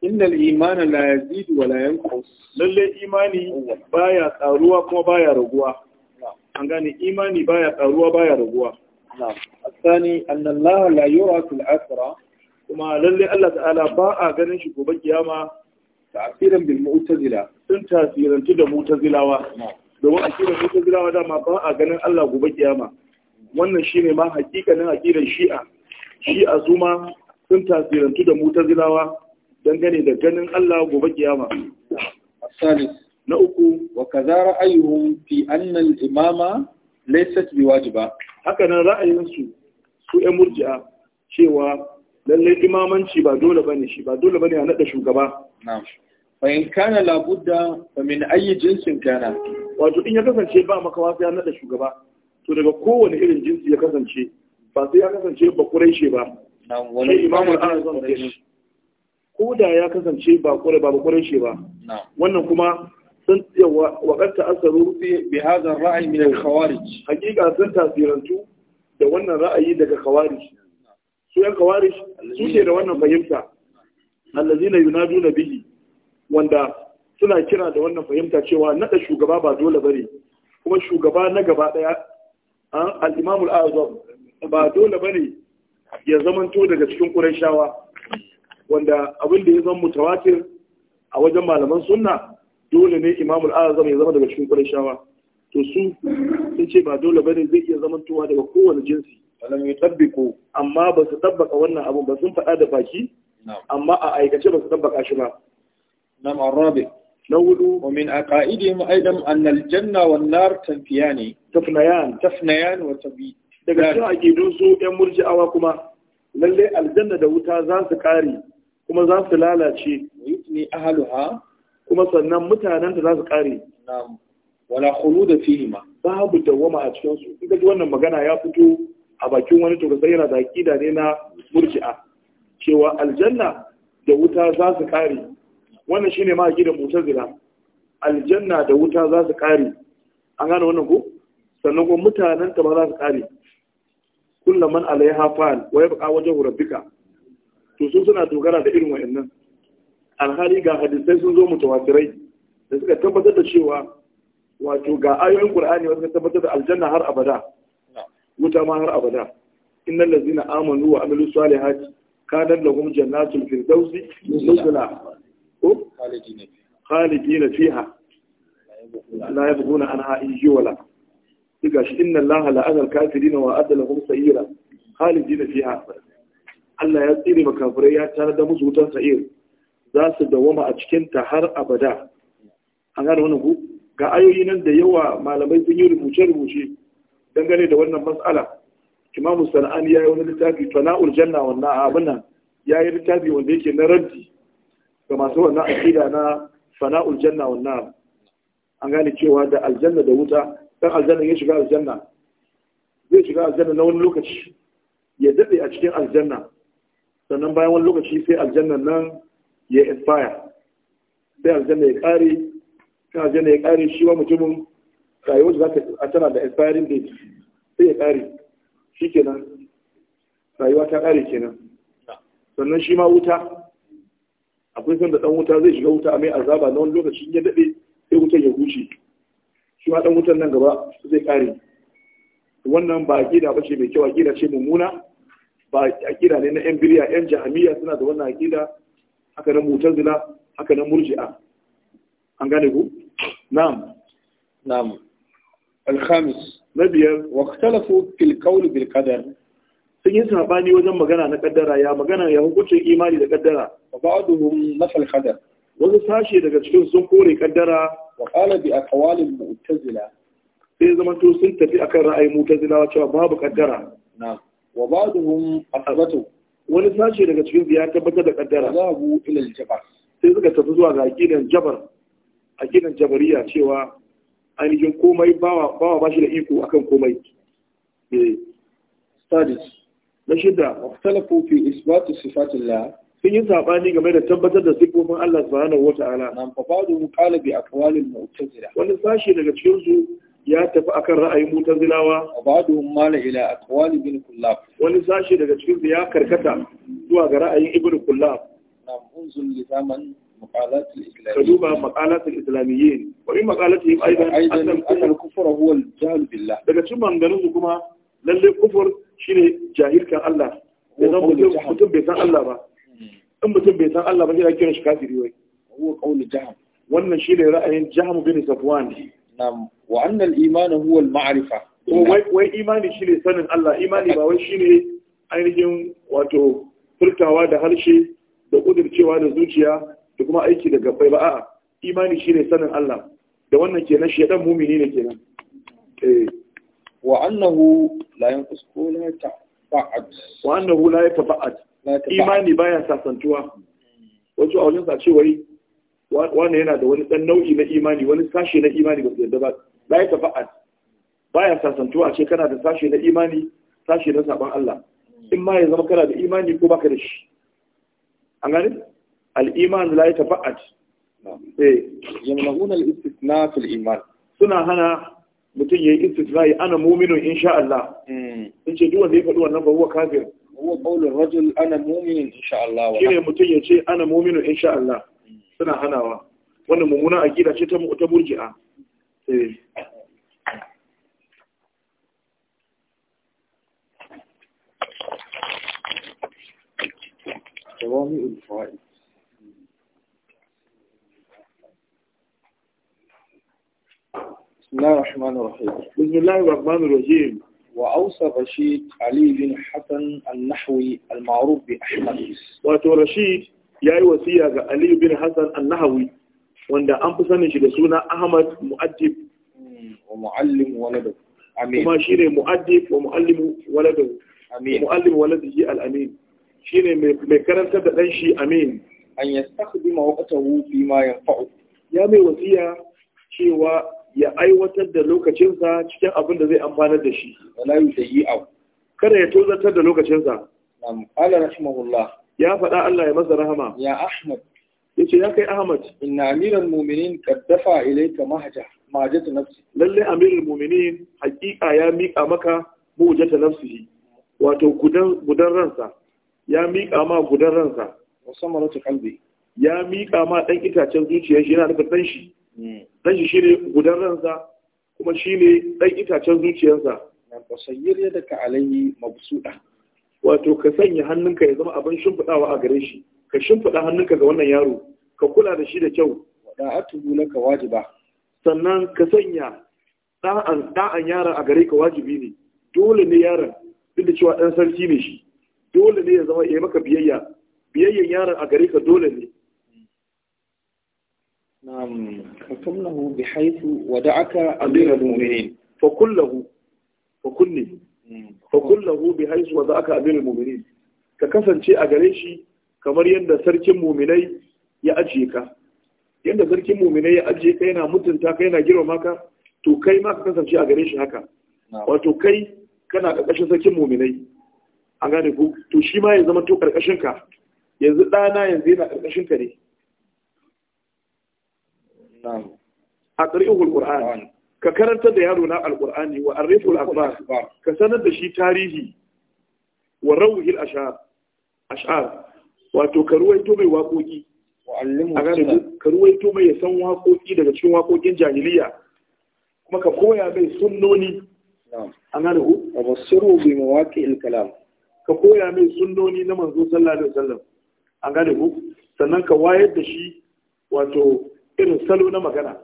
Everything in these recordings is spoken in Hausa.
Inna innal imana la yazidu wa la yanqus lalle imani baya karuwa kuma baya raguwa an gane imani baya karuwa baya raguwa na'am asani anna Allah la yura fil akhira kuma lalle Allah ta'ala ba a ganin shi gobe kiyama ta'asiran bil mu'tazila sun tasirantu da mu'tazilawa domin a akidar mu'tazilawa dama ba a ganin Allah gobe kiyama wannan shine ma hakikanin akidar shi'a shi'a zuma sun tasirantu da mu'tazilawa dangane da ganin Allah gobe kiyama asali na uku wa kaza ra'ayuhum fi anna al-imama laysat biwajiba haka nan ra'ayinsu su ƴan murji'a cewa lallai imamanci ba dole bane shi ba dole bane a nada shugaba na'am fa in kana labudda fa min ayi jinsin kana wato in ya kasance ba makawa sai ya nada shugaba to daga kowane irin jinsi ya kasance ba sai ya kasance ba kurai ba na'am wani imamul azam ne ko ya kasance ba kure ba kuren shi ba wannan kuma sun yawa waqad ta'assaru bi hadha ar ra'ayi min al-khawarij hakika sun tasirantu da wannan ra'ayi daga khawarij su yan khawarij su ce da wannan fahimta allazina yunaduna bihi wanda suna kira da wannan fahimta cewa nada shugaba ba dole bane kuma shugaba na gaba daya al-imam al-azam ba dole bane ya zamanto daga cikin kuraishawa wanda abin da ya zama mutawatir a wajen malaman sunna dole ne imamul azam ya zama daga cikin shawa, to su sun ce ba dole bane zai iya zaman tuwa daga kowane jinsi alam yutabbiqu amma ba su tabbaka wannan abu ba sun faɗa da baki amma a aikace ba su tabbaka shi ba na hudu wa min aqaidihim aidan an aljanna wan nar tanfiyani tafnayan tafnayan wa tabi daga cikin aqidun su ɗan murji'awa kuma lalle aljanna da wuta za su kare kuma za su lalace ne ahaluha kuma sannan mutanen da za su kare wala khuluda fihima babu dawama a cikin su ji wannan magana ya fito a bakin wani to sai yana da akida ne na murji'a cewa aljanna da wuta za su kare wannan shine ma akidan mu'tazila aljanna da wuta za su kare an gane wannan ko sannan kuma mutanen ta ba za su kare man alaiha fa'al wa yabqa wajhu rabbika to su suna dogara da irin wa'annan alhali ga hadisai sun zo mutawatirai da suka tabbatar da cewa wato ga ayoyin qur'ani wanda suka tabbatar da aljanna har abada wuta ma har abada innal ladzina amanu wa amilu salihati kana lahum jannatul firdausi nuzula ko khalidina fiha la yabghuna anha ijwala diga shi inna allaha la'ana al-kafirin wa adalahum sayira khalidina fiha Allah ya tsire makafirai ya tare da musu wutar sa'ir za su dawama a cikin ta har abada an gane wannan ku ga ayoyi nan da yawa malamai sun yi rubuce-rubuce dangane da wannan mas'ala imamu sana'an ya yi wani littafi fana'ul janna wannan abin nan ya yi littafi wanda yake na raddi ga masu wannan akida na fana'ul janna wannan an gane cewa da aljanna da wuta dan aljanna ya shiga aljanna zai shiga aljanna na wani lokaci ya dade a cikin aljanna sannan bayan wani lokaci sai aljannan nan ya expire sai aljanna ya kare sai aljanna ya kare shi wa mutumin rayuwar da zaka a tana da expiring date sai ya kare shikenan rayuwa ta kare kenan sannan shi ma wuta akwai san da dan wuta zai shiga wuta a mai azaba na wani lokaci ya dade sai wutar ya huce shi ma dan wutar nan gaba zai kare wannan ba aqida bace mai kyau gida ce mummuna ba akida ne na yan biriya yan jahamiya suna da wannan akida haka na zina haka na murji'a an gane ku na'am na'am al-khamis na biyar wa ikhtalafu fil qawl bil qadar sun yi sabani wajen magana na kaddara ya magana ya hukuncin imani da kaddara wa ba'duhum nafal qadar wasu sashe daga cikin sun kore kaddara wa qala bi aqwalil mu'tazila sai zama to sun tafi akan ra'ayin mu'tazilawa cewa babu kaddara na'am wa a asabatu wani sashi daga cikin ya tabbatar da kaddara a bu ilil jabar sai suka tafi zuwa ga aqidan jabar aqidan jabariya cewa ainihin komai bawa ba shi da iko akan komai eh studies na shida ikhtalafu fi isbatu sifatillah sun yi sabani game da tabbatar da sifofin Allah subhanahu wata'ala nan fa ba'du a bi aqwalil mu'tazila wani sashi daga cikin su ya tafi akan ra'ayin mutazilawa a ba'duhum mala ila aqwal ibn kullab wani sashi daga cikin ya karkata zuwa ga ra'ayin ibn kullab nam unzul li zaman maqalat al-islamiyyin kaduba maqalat al-islamiyyin wa in maqalatihim aidan kufr huwa al-jahl billah daga cikin maganganun su kuma lalle kufur shine jahilkan Allah idan mutum bai san Allah ba hmm. in mutum bai san Allah ba kiran shi kafiri wai huwa qawl jahm wannan shine ra'ayin jahm bin safwan Na'am, wa annal imanu huwa al-ma'rifa. To wai imani shine sanin Allah, imani ba wai shine ainihin wato furtawa da harshe da kudircewa da zuciya da kuma aiki da gabbai ba a'a imani shine sanin Allah da wannan kenan shi dan mumini ne kenan eh wa annahu la yanqus la tafa'at wa annahu la yatafa'at imani baya sasantuwa wato a wajen sa ce wai wanda yana da wani dan nau'i na imani wani sashe na imani ba su yadda ba ba ya tafa'al baya sasantuwa a ce kana da sashe na imani sashe na saban Allah in ma ya zama kana da imani ko baka da shi an gani al-iman la ya tafa'al eh yamnahuna al-istithna fil iman suna hana mutum yayi istithna ya ana muminu insha Allah hmm. in ce duk wanda ya faɗi wannan ba huwa kafir huwa qawlur rajul ana mu'minun insha Allah ne mutum ya ce ana muminu insha Allah suna hanawa wannan mummuna aqida ce ta murji'a eh جوامع بسم الله الرحمن الرحيم وأوصى رشيد علي بن حسن النحوي المعروف بأحمد وأتو رشيد Ya yi wasiya ga Ali bin Hassan al nahawi wanda an fi sanin shi da suna Ahmad Mu'addib hmm, wa mu'allim waladu amin kuma shine mu'addib wa mu'allim waladu amin mu'allim shi al-amin shine mai karantar da dan shi amin an yastakhdima waqtahu fi ma yanfa'u ya mai wasiya cewa ya aiwatar da lokacinsa cikin abin da zai amfanar da shi wala au kada ya tozatar da lokacinsa na qala rahimahullah ya faɗa Allah ya masa rahama ya Ahmad Ya ce ya kai Ahmad inna amiral mu'minin qad dafa ilayka mahja mahjatu nafsi lalle amiral mu'minin haƙiƙa ya miƙa maka mahjatu nafsihi wato gudan gudan ransa ya miƙa ma gudan ransa wa samaratu qalbi ya miƙa ma ɗan itacen zuciyar shi yana nufin ɗan shi hmm. Ɗan shi shine gudan ransa kuma shi ne ɗan itacen zuciyarsa na basayyir yadaka alayhi mabsuda wato ka sanya hannunka ya zama abin shimfiɗawa a gare shi ka shimfiɗa hannunka ga wannan yaro ka kula da shi da kyau Da na ka wajiba sannan ka sanya da'an da'an yaron a gare ka wajibi ne dole ne yaron duk da cewa dan sarki ne shi dole ne ya zama ya maka biyayya biyayyan yaron a gare ka dole ne na'am katamnahu bihaythu wada'aka amirul mu'minin fa kullahu fa kulli fa kullahu bi haisu wa zaka amirul mu'minin ka kasance a gare shi kamar yadda sarkin mu'minai ya ajiye ka yadda sarkin mu'minai ya ajiye ka yana mutunta ka yana girma ka to kai ma ka kasance a gare shi haka wato kai kana ƙarƙashin sarkin mu'minai an gane ku to shi ma ya zama to ƙarƙashin ka yanzu ɗana yanzu yana ƙarƙashin ka ne a ƙarƙin Qur'an ka karantar da yaro na alqur'ani wa arriful akbar ka sanar da shi tarihi wa rawhil ashar ashar wato ka ruwaito mai waƙoƙi a gane ka ruwaito mai san waƙoƙi daga cikin waƙoƙin jahiliya kuma ka koya mai sunnoni a gane ku a basiru bi mawaƙi ilkalam ka koya mai sunnoni na manzo sallallahu alaihi wasallam a gane ku sannan ka wayar da shi wato irin salo na magana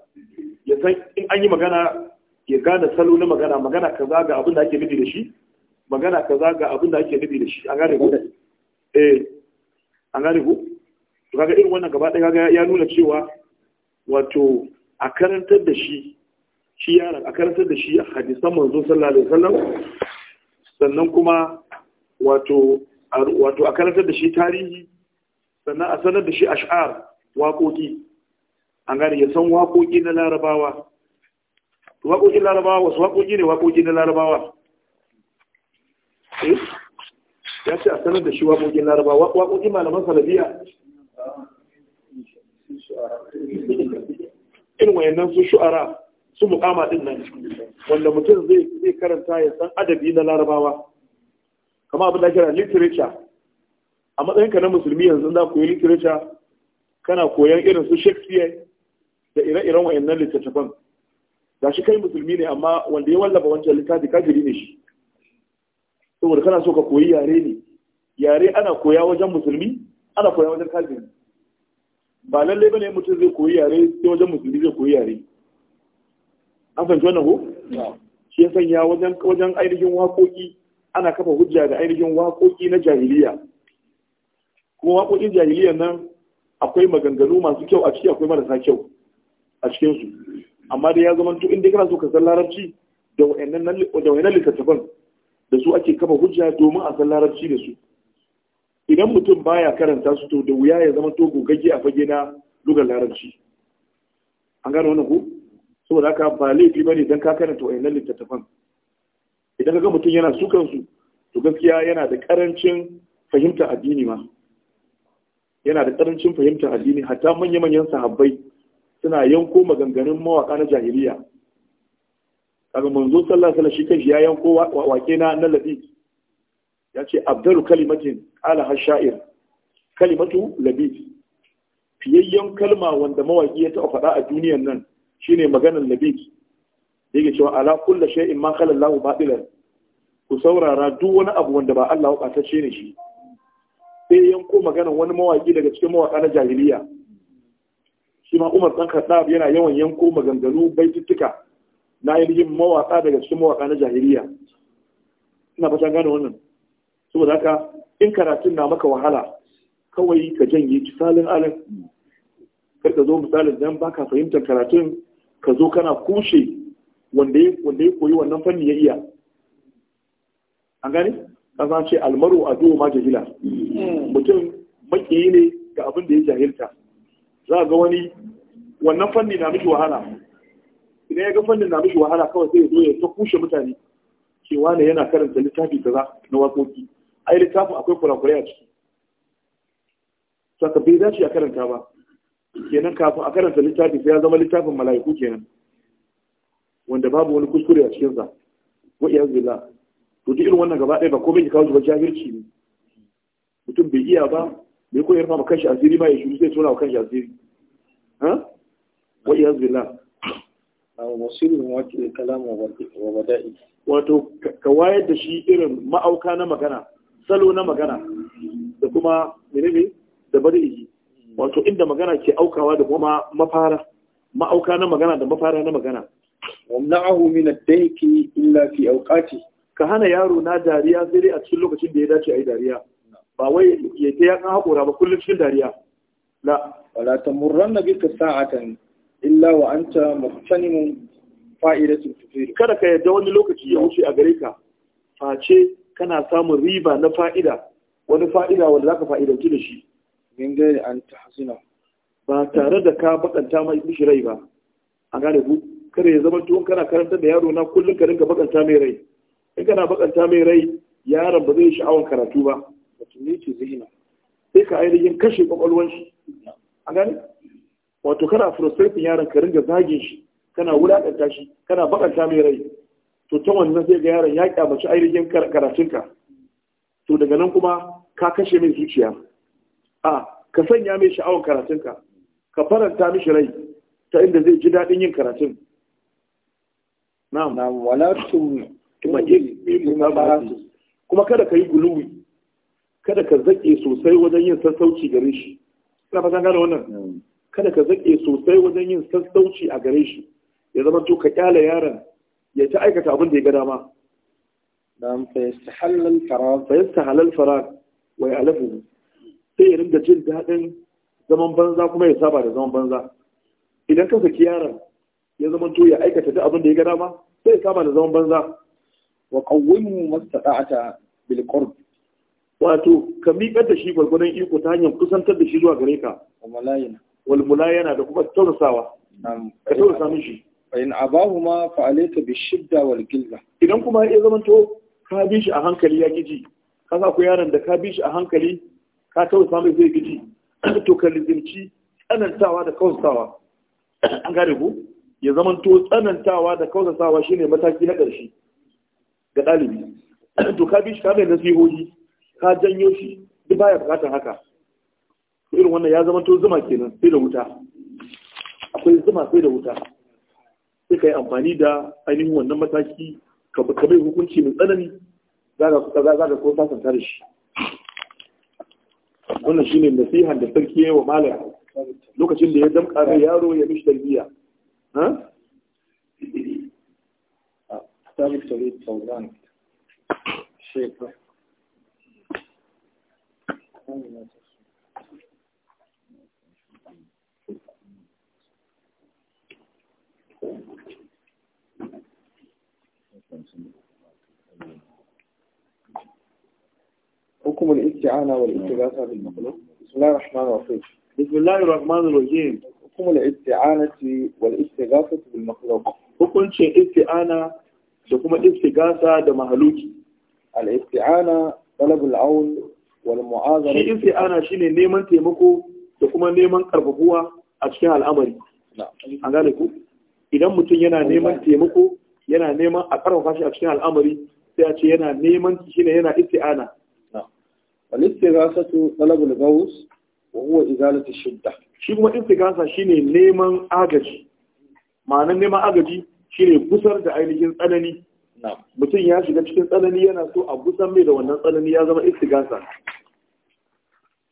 ya san in an yi magana ya gane salo na magana magana kaza ga abin da ake nufi da shi magana kaza ga abin da ake nufi da shi an gane ku eh an gane ku to kaga irin wannan gaba daya ya nuna cewa wato a karantar da shi shi yaron a karantar da shi hadisan manzo sallallahu alaihi wasallam sannan kuma wato wato a karantar da shi tarihi sannan a sanar da shi ash'ar waƙoƙi an gane ya san waƙoƙi na larabawa waƙoƙin larabawa wasu waƙoƙi ne waƙoƙi na larabawa eh? ya ce a sanar da shi waƙoƙin larabawa waƙoƙi malaman salabiya. irin wayannan su shu'ara su mukama din nan wanda mutum zai karanta ya san adabi na larabawa kama abin da kira literature a matsayinka na musulmi yanzu za ku yi literature kana koyan irin su shakespeare da ire-iren wayannan littattafan ga shi kai musulmi ne amma wanda ya wallafa wancan littafi kafiri ne shi saboda kana so ka koyi yare ne yare ana koya wajen musulmi ana koya wajen kafiri ba lallai bane mutum zai koyi yare sai wajen musulmi zai koyi yare an fahimci wannan ko shi ya sanya wajen wajen ainihin waƙoƙi ana kafa hujja da ainihin waƙoƙi na jahiliya kuma waƙoƙin jahiliya nan akwai maganganu masu kyau a ciki akwai marasa kyau a cikinsu amma dai ya zama to inda kana so ka san larabci da wayannan littattafan da su ake kafa hujja domin a san larabci da su idan mutum baya karanta su to da wuya ya zama to gogagge a fage na lugar larabci an gane wannan ku saboda haka ba laifi ba ne don ka karanta wayannan littattafan idan ka ga mutum yana sukan su to gaskiya yana da karancin fahimtar addini ma yana da karancin fahimtar addini hatta manya-manyan sahabbai suna yanko maganganun mawaka na jahiliya kaga manzo sallallahu alaihi wasallam shi ya yanko wake na na labi ya ce abdalu kalimatin ala hashair kalimatu Labid. fiyayyen kalma wanda mawaki ya taɓa faɗa a duniyar nan shine maganar labi yake cewa ala kulli shay'in ma khala Allahu batilan ku saurara duk wani abu wanda ba Allah ya ɓatacce ne shi sai yanko maganar wani mawaki daga cikin mawaka na jahiliya shi ma Umar dan Khattab yana yawan yanko maganganu baitittuka na yin mawaka daga cikin mawaka na jahiliya ina fatan gane wannan saboda haka in karatun na maka wahala kawai ka janye kisalin alin kar ka zo misalin dan baka fahimtar karatun ka zo kana kushe wanda ya koyi wannan fanni ya iya an gane kasan ce almaru a ma jahila hmm. mutum makiyi ne ga abin da ya jahilta za ga wani wannan fanni na miki wahala idan ya ga fannin na miki wahala kawai sai ya zo ya ta kushe mutane cewa ne yana karanta littafi kaza na waƙoƙi ai littafin akwai kurakurai a ciki saka bai shi a karanta ba kenan kafin a karanta littafi sai ya zama littafin mala'iku kenan wanda babu wani kuskure a cikin cikinsa wa iyaz billah to duk irin wannan gaba ɗaya ba komai ki kawo ba jahilci ne mutum bai iya ba me ko yarfa ma kanshi asiri ba ya shiru zai tona wa kanshi asiri ha wa iyaz billah aw wasilu wa kalam wa bada'i wato ka wayar da shi irin ma'auka na magana salo na magana da kuma menene da bada'i wato inda magana ke aukawa da kuma mafara ma'auka na magana da mafara na magana wamna'ahu min ad-dayki illa fi awqati ka hana yaro na dariya sai dai a cikin lokacin da ya dace ai dariya ba wai ya ta yakan haƙora ba kullum cikin dariya la wala tamurranna bika sa'atan illa wa anta muhtanimun fa'idatul fitr kada ka yadda wani lokaci ya wuce a gare ka face kana samun riba na fa'ida wani fa'ida wanda zaka fa'idanci da shi min gari an hasina ba tare da ka bakanta mai mishi rai ba a gane ku kada ya zama tuwon kana karantar da yaro na kullum ka rinka bakanta mai rai in kana bakanta mai rai yaron ba zai sha'awar karatu ba ce fatimiti zihina sai ka ainihin kashe kwakwalwan shi a gani wato kana frustrating yaron ka ringa zagin shi kana wulakanta shi kana bakanta mai rai to ta wannan zai ga yaron ya kyamaci ainihin karatunka to daga nan kuma ka kashe mai zuciya a ka sanya mai sha'awar karatunka ka faranta mishi rai ta inda zai ji daɗin yin karatun na'am wala tum kuma kada ka yi guluwi kada ka zaƙe sosai wajen yin sassauci gare shi ina fatan gane wannan hmm. kada ka zaƙe sosai wajen yin sassauci a gare shi ya zama to ka kyale yaron ya ta aikata abin da ya ga dama dan fa yastahalla farag fa yastahalla farag wa ya'lafu sai ya rinda jin daɗin zaman banza kuma ya saba da zaman banza idan ka saki yaron ya zama to ya aikata duk abin da ya ga dama sai ya saba da zaman banza wa qawwimu mastata'ata bil qurb wato ka miƙar da shi gwargwadon iko ta hanyar kusantar da shi zuwa gare ka wal mulayana da kuma tausasawa ka tausasa mishi in abahu ma fa'alaita bi shidda wal gilla. idan kuma ya to ka bi shi a hankali ya giji ka sa ku yaron da ka bi shi a hankali ka tausasa mai zai giji to ka lizinci tsanantawa da kausasawa an gane ku ya to tsanantawa da kausasawa shine mataki na ƙarshe ga ɗalibi to ka bi shi ka mai nasihohi ka janyo shi duk baya bukatar haka irin wannan ya zama to zuma kenan sai da wuta akwai zuma sai da wuta sai ka yi amfani da ainihin wannan mataki ka bai hukunci mai tsanani za ka so sasanta da shi wannan shine nasihan da sarki ya wa malam lokacin da ya damƙa mai yaro ya mishi tarbiyya حكم الاستعانة والاستغاثة بالمخلوق بسم الله الرحمن الرحيم بسم الله الرحمن الرحيم حكم الاستعانة والاستغاثة بالمخلوق حكم الاستعانة da kuma istigasa da mahaluki al-isti'ana talabul aun wal mu'azara shi isti'ana shine neman taimako da kuma neman karfafuwa a cikin al'amari an gane ku idan mutum yana neman taimako yana neman a karfafa shi a cikin al'amari sai a ce yana neman shine yana isti'ana wal istighasatu talabul ghaus wa huwa izalatu shidda shi kuma istighasa shine neman agaji ma'anar neman agaji shine gusar da ainihin tsanani mutum ya shiga cikin tsanani yana so a gusan mai da wannan tsanani ya zama istigasa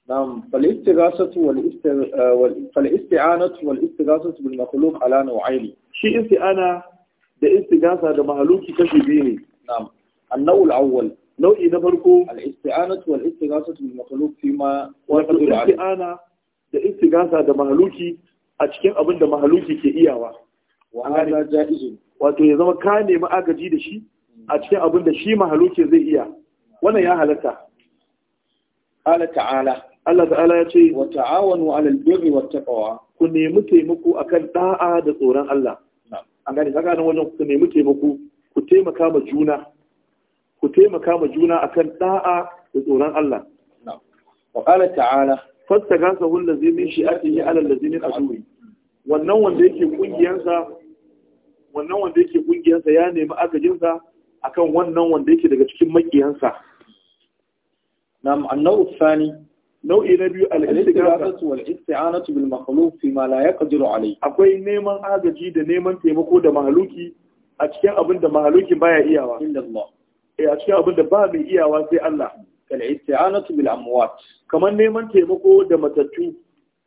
نعم فالاستغاثة والاستعانة والاستغاثة بالمخلوق على نوعين شيء استعانة da istigasa da mahaluki kashi biyu ne na'am annawul awwal nau'i na farko al-isti'anatu wal istighasatu bil makhluq fi ma wato isti'ana da istigasa da mahaluki a cikin abin da mahaluki ke iyawa wa ya zama ka nemi agaji da shi a cikin abin da shi mahaluki zai iya wannan ya halatta Allah ta'ala ya ce wa ta'awanu 'alal birri wat taqwa ku nemi taimako akan da'a da tsoron Allah an gane tsakanin wajen ku nemi taimako ku taimaka ma juna ku taimaka ma juna akan da'a da tsoron Allah wa qala ta'ala fastagasa hul ladzi min shi'atihi 'ala ladzi min wannan wanda yake kungiyansa wannan wanda yake kungiyansa ya nemi agajinsa akan wannan wanda yake daga cikin makiyansa Na annahu tsani nau'i na biyu al-istighatha wal isti'anatu bil makhluq fi ma la yaqdiru alayhi akwai neman agaji da neman taimako da mahaluki a cikin abin da mahaluki baya iyawa inda Allah eh, a cikin abin da ba mai iyawa sai Allah kal isti'anatu bil amwat kamar neman taimako da matattu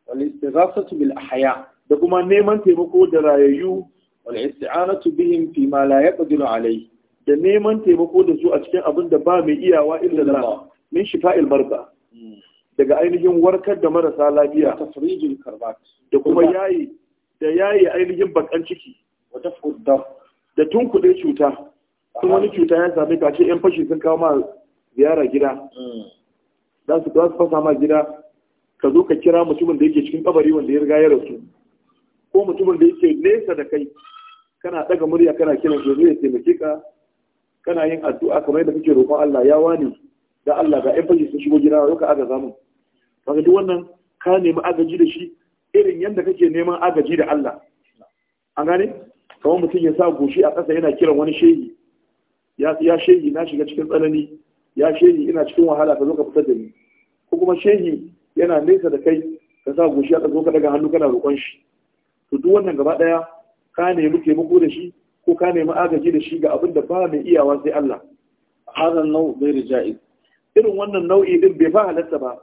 wal istighathatu bil ahya da kuma neman taimako da rayayyu wal isti'anatu bihim fi ma la yaqdiru alayhi da neman taimako da su a cikin abin da ba mai iyawa illa Allah min shifa'il marda hmm. daga ainihin warkar da marasa lafiya da kuma yayi da yayi ainihin bakan ciki da tun cuta sun wani cuta ya sami kashe yan fashi sun kawo ma ziyara gida mm. za su kawo su fasa ma gida ka zo ka kira mutumin da yake cikin kabari wanda ya riga ya rasu ko mutumin da yake nesa da kai kana daga murya kana kiran shi zai taimake ka kana yin addu'a kamar yadda kake roƙon Allah ya wani da Allah ga yan fashi sun shigo gida yau ka aga zamu kaga duk wannan ka nemi agaji da shi irin yadda kake neman agaji da Allah an gane kamar mutum ya sa goshi a ƙasa yana kiran wani shehi ya shehi na shiga cikin tsanani ya shehi ina cikin wahala ka zo ka fitar da ni ko kuma shehi yana nesa da kai ka sa goshi a ƙasa ka daga hannu kana roƙon shi to duk wannan gaba ɗaya ka nemi taimako da shi ko ka nemi agaji da shi ga abin da ba mai iyawa sai Allah hadan nau bai rijai irin wannan nau'i din bai fa halatta ba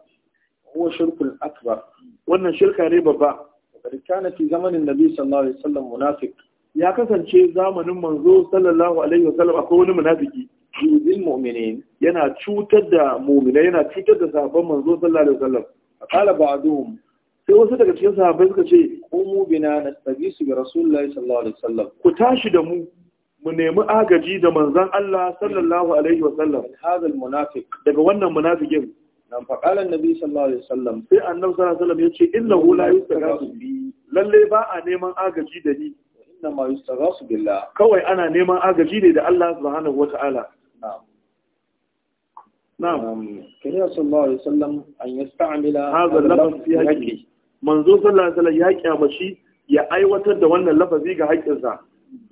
huwa shirkul akbar wannan shirka ne babba kada kana fi zamanin nabi sallallahu alaihi wasallam munafiq ya kasance zamanin manzo sallallahu alaihi wasallam akwai wani munafiki yuzil mu'minin yana cutar da mu'minai yana cutar da sahabban manzo sallallahu alaihi wasallam qala ba'duhum sai wasu daga cikin sahabbai suka ce umu bina su bi rasulillahi sallallahu alaihi wasallam ku tashi da mu mu nemi agaji da manzon Allah sallallahu alaihi wasallam hadha almunafiq daga wannan munafikin nan fa qala sallallahu alaihi wasallam sai annabi sallallahu alaihi wasallam yace innahu la yustaghasu bi lalle ba a neman agaji da ni inna ma yustaghasu billah kawai ana neman agaji ne da Allah subhanahu wataala na'am نعم كان صلى الله عليه وسلم أن يستعمل هذا اللفظ في حقه منذ صلى الله عليه وسلم يحكي أمشي يا أي وتر ده وانا اللفظ يجا حقه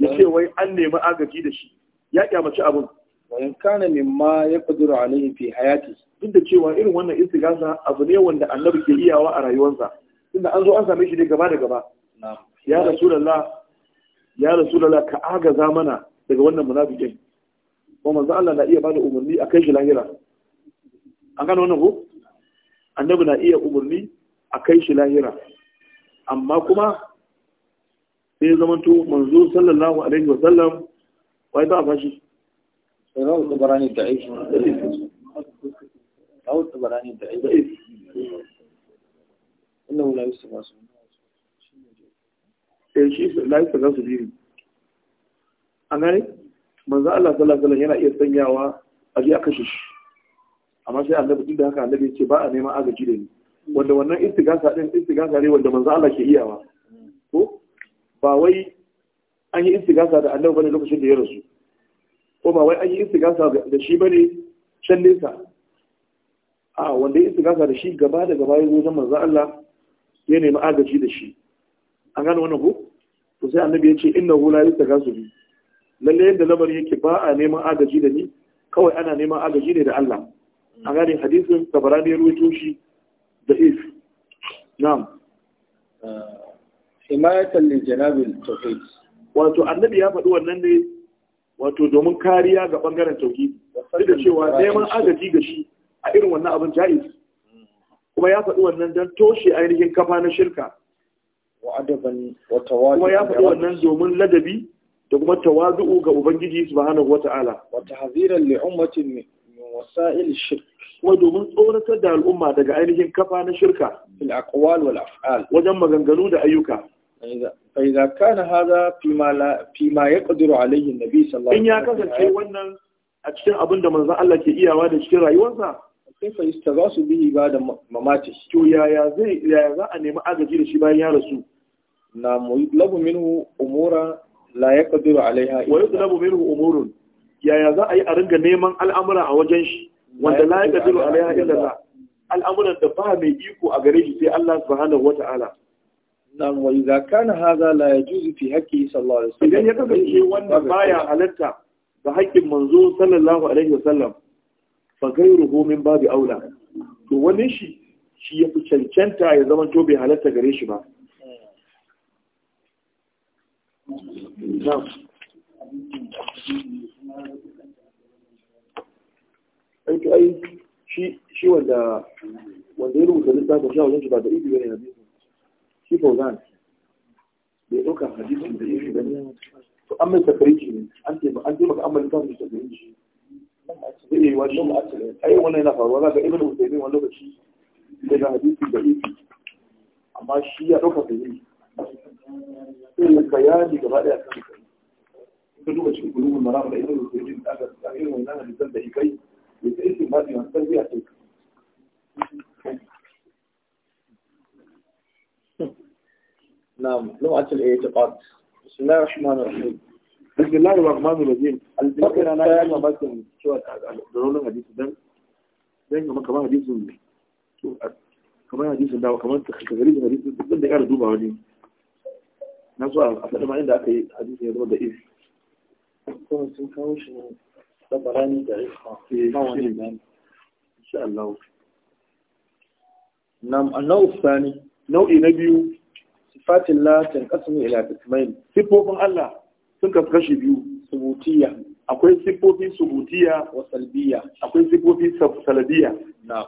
يا شيء وين أني wayan in kana mimma ya kudura alaihi fi hayati duk da cewa irin wannan istigasa abu ne wanda annabi ke iyawa a rayuwarsa tunda an zo an same shi ne gaba da gaba ya rasulullah ya rasulullah ka agaza mana daga wannan munafikin ko manzo Allah na iya bada umarni a kai shi lahira an gano wannan ko annabi na iya umarni a kai shi lahira amma kuma sai zamanto manzo sallallahu alaihi wa sallam wai ba fashi رواه الطبراني ضعيف رواه ضعيف لا لا Allah yana iya sanyawa a ji aka amma sai annabi duk da haka annabi ce ba neman agaji da ni wanda wannan istigasa din istigasa ne wanda manzo Allah ke iyawa ko ba wai an yi istigasa da annabi bane lokacin da ya rasu ko ba wai an yi istigasa da shi bane can nesa a wanda ya istigasa da shi gaba da gaba ya zo zan Allah ya nemi agaji da shi an gane wannan ko to sai annabi ya ce yi la gasu bi lalle yadda lamarin yake ba a neman agaji da ni kawai ana neman agaji ne da Allah an gane hadisin tabarani ya ruwaito shi da if na'am himayatan li janabil tawhid wato annabi ya faɗi wannan ne wato domin kariya ga bangaren tauhidi sai da cewa neman agaji ga shi a irin wannan abin jaiz kuma ya faɗi wannan don toshe ainihin kafa na shirka kuma ya faɗi wannan domin ladabi da kuma tawazu'u ga ubangiji subhanahu wata'ala wa tahziran li ummatin min wasa'il shirk kuma domin tsoratar da al'umma daga ainihin kafa na shirka wajen maganganu da ayyuka فإذا كان هذا فيما لا فيما يقدر عليه النبي صلى الله عليه وسلم In ya kasance wannan a cikin abin da manzon Allah ke iyawa da cikin rayuwarsa kaifa yastaghasu bihi ba'da mamati to yaya zai yaya za a nemi agaji da shi bayan ya rasu na mulabu minhu umura la yaqdiru alaiha wa yudlabu minhu umurun yaya za a yi a ringa neman al'amura a wajen shi wanda la yaqdiru alaiha illa Allah al'amuran da ba mai iko a gare shi sai Allah subhanahu wata'ala nan wa idza kana hadha la yajuzu fi haqqihi sallallahu alaihi wasallam idan ya shi wannan baya halatta ga haƙƙin manzo sallallahu alaihi wasallam fa ghayruhu min babi aula to wani shi shi ya fi cancanta ya zama to bai halatta gare shi ba ai shi wanda wanda ya rubuta littafin a shi ba da ibi ne biyu shi fauzan bai ɗauka hadisin da yake gani to an mai tafariki ne an taimaka an taimaka an malika mai tafariki zai yi wani yau ma'asir ai wannan yana faruwa za ga ibn husayni wani lokaci sai ga hadisi da ifi amma shi ya ɗauka da yi sai ya bayani gaba ɗaya kan kai ka duba cikin gulubun maram da ibn husayni da aka irin wannan hadisan da ikai ya ta isin ba da yanzu sai ya taimaka نعم لغة الاعتقاد بسم الله الرحمن الرحيم بسم الله الرحمن الرحيم الفكرة أنا يعني بس شو دولة حديث ده ده كمان كمان حديث كمان حديث ده وكمان تخريج حديث ده ده قاعد دوبه ودي na so a faɗi ma inda aka yi hadisi ya zama da iri kuma sun kawo shi ne tsabarani da ifa insha Allah nam annau sani nau'i na biyu sifatin la tanqasmu ila qismain sifofin Allah sun kasu kashi biyu subutiya akwai sifofi subutiya wa salbiya akwai sifofi salbiya na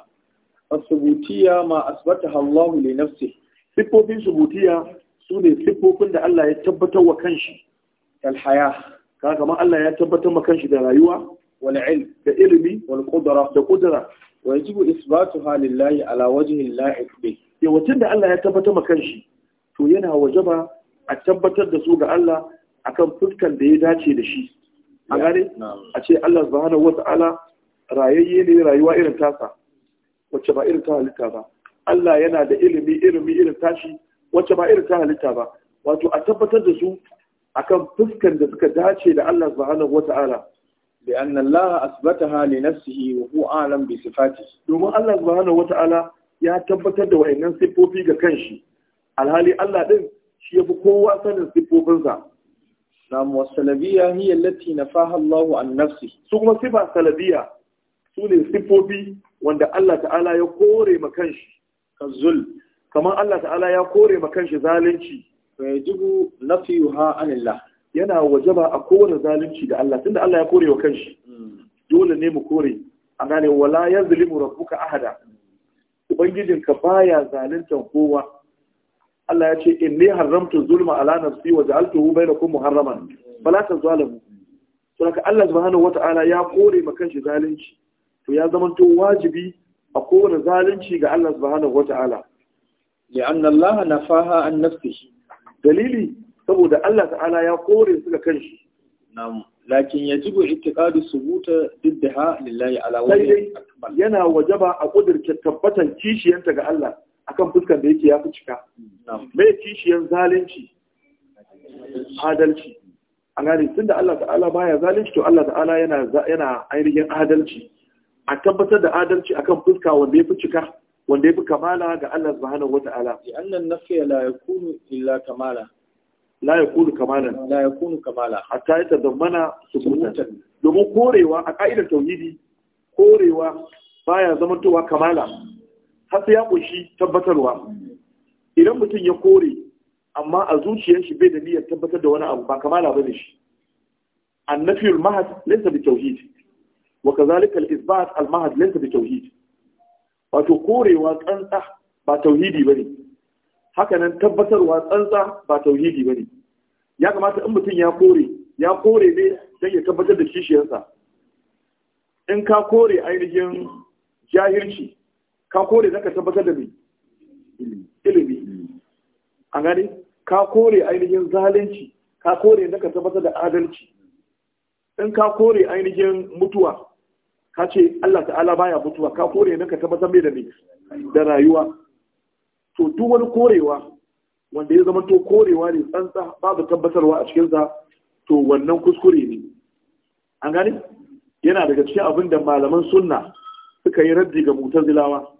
asubutiya ma asbataha Allah li nafsi sifofin subutiya su ne sifofin da Allah ya tabbatar wa kanshi alhaya kaga kamar Allah ya tabbatar wa kanshi da rayuwa wal ilm da ilimi wal qudra da qudra wa yajibu isbatuha lillahi ala wajhi al-la'iq bi yawatin da Allah ya tabbatar wa kanshi to yana wajaba a tabbatar da su ga Allah akan fuskan da ya dace da shi a gane a ce Allah subhanahu wata'ala rayayye ne rayuwa irin tasa wacce ba irin ta halitta ba Allah yana da ilimi ilimi irin tashi wacce ba irin ta halitta ba wato a tabbatar da su akan fuskan da suka dace da Allah subhanahu wata'ala لأن الله أثبتها لنفسه وهو Domin Allah دوما ya tabbatar da يا تبتد وإن ga kanshi alhali Allah ɗin shi ya fi kowa sanin Na mu wa salabiyya hiya allati nafaha Allah an nafsi su kuma sifa salabiya su ne siffofi wanda Allah ta'ala ya kore ma kanshi zul. kamar Allah ta'ala ya kore ma kanshi zalunci fa yajibu nafiyuha anillah yana wajaba a kowane zalunci da Allah tunda Allah ya kore wa kanshi hmm. dole ne mu kore a gane wala yazlimu rabbuka ahada hmm. ubangijinka baya zaluntan kowa Allah ya ce inni haramta zulma ala nafsi wa ja'altuhu bainakum muharraman fala tazalamu to haka Allah subhanahu wata'ala ya kore makan shi zalunci to ya zamanto wajibi a kowane zalunci ga Allah subhanahu wata'ala li'anna Allah nafaha an nafsihi dalili saboda Allah ta'ala ya kore su ga kanshi na'am lakin yajibu ittiqadu subuta diddaha lillahi ala wajhi yana wajaba a kudirce tabbatan kishiyanta ga Allah akan fuskan da yake ya fi cika mai kishiyar zalunci adalci a gani, tun da Allah ta'ala baya zalunci to Allah ta'ala yana ainihin adalci a tabbatar da adalci akan fuska wanda ya fi cika wanda ya fi kamala ga Allah subhanahu ya annan nafiya la yakunu illa kamala la yakunu kamala la yakunu kamala hatta ya tadammana subutan domin korewa a ka'idar tauhidi korewa baya zamantowa kamala hasu ya ƙunshi tabbatarwa idan mutum ya kore amma a zuciyar bai da niyyar tabbatar da wani abu ba kamala bane shi annafiyul mahad laysa bi tauhid wa kazalika al isbat al mahad laysa bi tauhid wato korewa tsantsa ba tauhidi bane haka nan tabbatarwa tsantsa ba tauhidi bane ya kamata in mutum ya kore ya kore ne dan ya tabbatar da kishiyarsa in ka kore ainihin jahilci ka kore zaka tabbatar da me ilimi a gani ka kore ainihin zalunci ka kore zaka tabbatar da adalci in ka kore ainihin mutuwa ka ce Allah ta'ala baya mutuwa ka kore zaka tabbatar mai da me da rayuwa to duk wani korewa wanda ya zama to korewa ne tsantsa babu tabbatarwa a cikinsa to wannan kuskure ne an gani yana daga cikin abin da malaman sunna suka yi raddi ga mutazilawa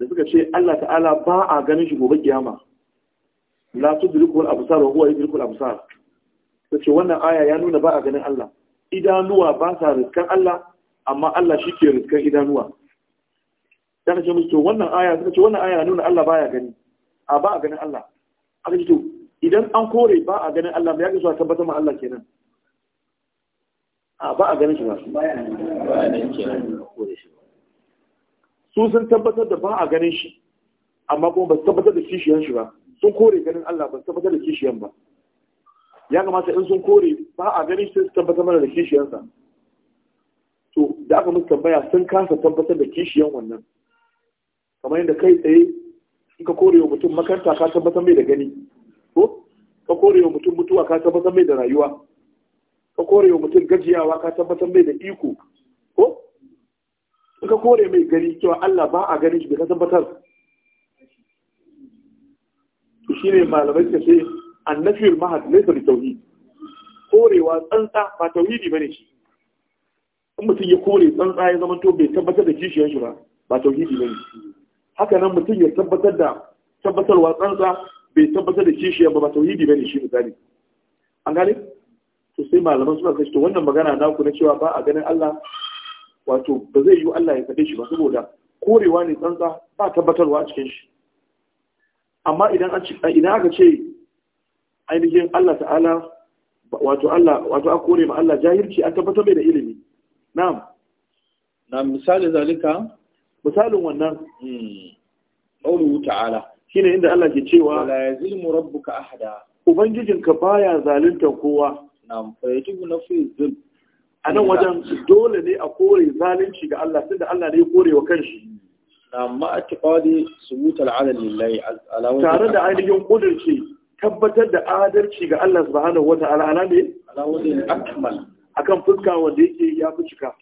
da suka ce Allah ta'ala ba a ganin shi gobe kiyama la tudriku al-absar wa huwa yudriku al-absar ce wannan aya ya nuna ba a ganin Allah idanuwa ba sa riskan Allah amma Allah shi ke riskan idanuwa dan ce musu to wannan aya suka ce wannan aya ya nuna Allah baya gani a ba a ganin Allah aka ce to idan an kore ba a ganin Allah ya ga zuwa tabbatar ma Allah kenan a ba a ganin shi ba su sun tabbatar da ba a ganin shi amma kuma ba su tabbatar da kishiyan shi ba sun kore ganin Allah ba su tabbatar da kishiyan ba ya kamata in sun kore ba a ganin shi su tabbatar mana da kishiyansa to da aka musu tambaya sun kasa tabbatar da kishiyan wannan kamar yadda kai tsaye in ka kore wa mutum makaranta ka tabbatar mai da gani ko ka kore wa mutum mutuwa ka tabbatar mai da rayuwa ka kore wa mutum gajiyawa ka tabbatar mai da iko suka ka kore mai gari cewa Allah ba a gani shi bai ka tabbatar shi ne malamai ka ce annafiyul mahad laysa bi tauhi korewa tsantsa ba tauhidi ne shi in mutum ya kore tsantsa ya zama to bai tabbatar da kishiyar shi ba ba tauhidi ne haka nan mutum ya tabbatar da tabbatarwa tsantsa bai tabbatar da kishiyar ba ba tauhidi bane shi misali an gane to sai malaman suna kashe to, wannan magana na ku na cewa ba a ganin Allah wato ba zai yi Allah ya kade shi ba saboda korewa ne tsantsa ba tabbatarwa a cikin shi amma idan aka ce ainihin Allah ta'ala wato Allah wato a kore ma Allah jahilci an tabbatar mai da ilimi na'am na misali zalika misalin wannan hmm. qawluhu ta'ala shine inda Allah ke cewa la yazlimu rabbuka ahada ubangijinka baya zalunta kowa na'am fa yajibu nafsi zulm a nan wajen dole ne a kore zalunci ga Allah da Allah ne ya kore wa kanshi Na a su subut al'adar lillahi alawar tare da ainihin ƙudurci tabbatar da adalci ga Allah subhanahu wata al'ana ne alawar akmal akan fuska wanda yake ya fi cika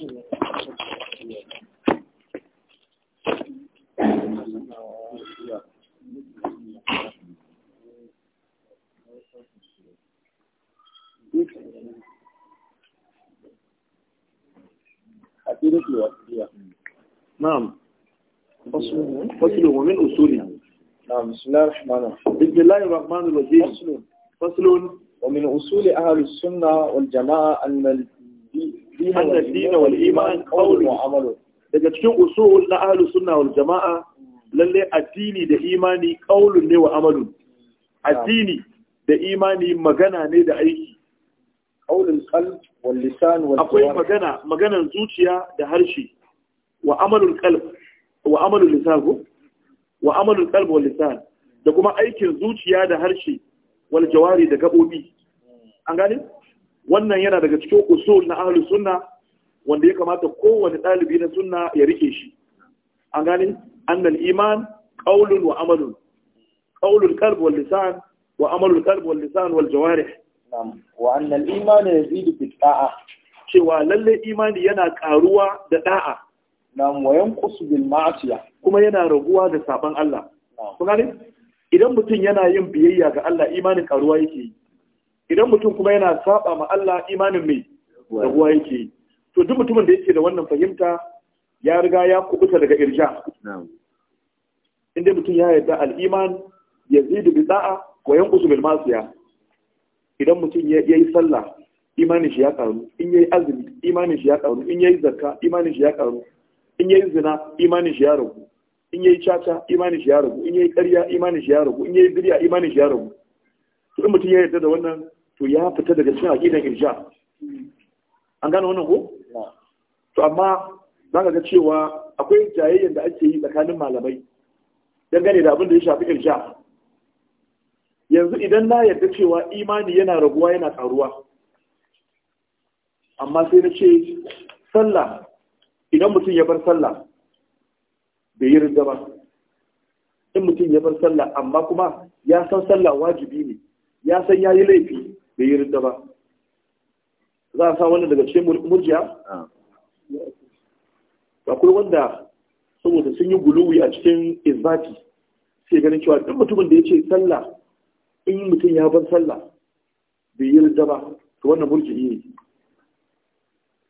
Thank eh. you. نعم فصل فصل ومن نعم بسم الله الرحمن الرحيم بسم الله الرحمن الرحيم فصل فصل ومن أصول أهل السنة والجماعة أن الدين والإيمان قول وعمل إذا cikin أصول أهل السنة والجماعة lalle addini da imani kaulun ne wa amalun addini da imani magana ne da aiki kaulun qalb wal lisan wal akwai magana maganan zuciya da harshe wa amalul qalb wa amalul lisan wa amalul qalb wal lisan da kuma aikin zuciya da harshe wal jawari da gabobi an gane wannan yana daga cikin usul na ahlus sunna wanda ya kamata kowane dalibi na sunna ya rike shi an gane أن الإيمان قول wa قول القلب واللسان وعمل القلب wa والجوارح نعم وأن الإيمان يزيد wa annal iman yazidu bi da'a cewa lalle yana karuwa da da'a nam wa yanqusu bil kuma yana raguwa da Allah idan mutum yana yin biyayya ga Allah imanin karuwa yake yi idan mutum kuma yana saba ma Allah imanin mai raguwa yake yi to duk mutumin da yake da wannan fahimta ya riga ya kubuta daga irja inda mutum ya yarda al'iman ya zidu bi da'a yan yanqusu bil masiya idan mutum ya yi sallah imanin shi ya karu in yayi azumi imanin shi ya karu in yayi zakka imanin shi ya karu in yayi zina imanin shi ya ragu in yayi caca imanin shi ya ragu in yayi ƙarya imanin shi ya ragu in yayi birya imanin shi ya ragu to in mutum ya yarda da wannan to ya fita daga cikin aqidan irja an gane wannan ko to amma zaka ga cewa akwai jayayyen da ake yi tsakanin malamai dangane da abin da ya shafi irja yanzu idan na yarda cewa imani yana raguwa yana karuwa amma sai na ce sallah idan mutum ya bar sallah bai yi rizaba, in mutum ya bar sallah amma kuma ya san sallah wajibi ne ya san ya yi laifi bai yi rizaba. za a sa wannan daga cikin murjiya akwai wanda saboda sun yi guluwi a cikin izbati sai ganin cewa duk mutumin da ya ce sallah in mutum ya bar sallah bai yi rinda ba to wannan mulki ne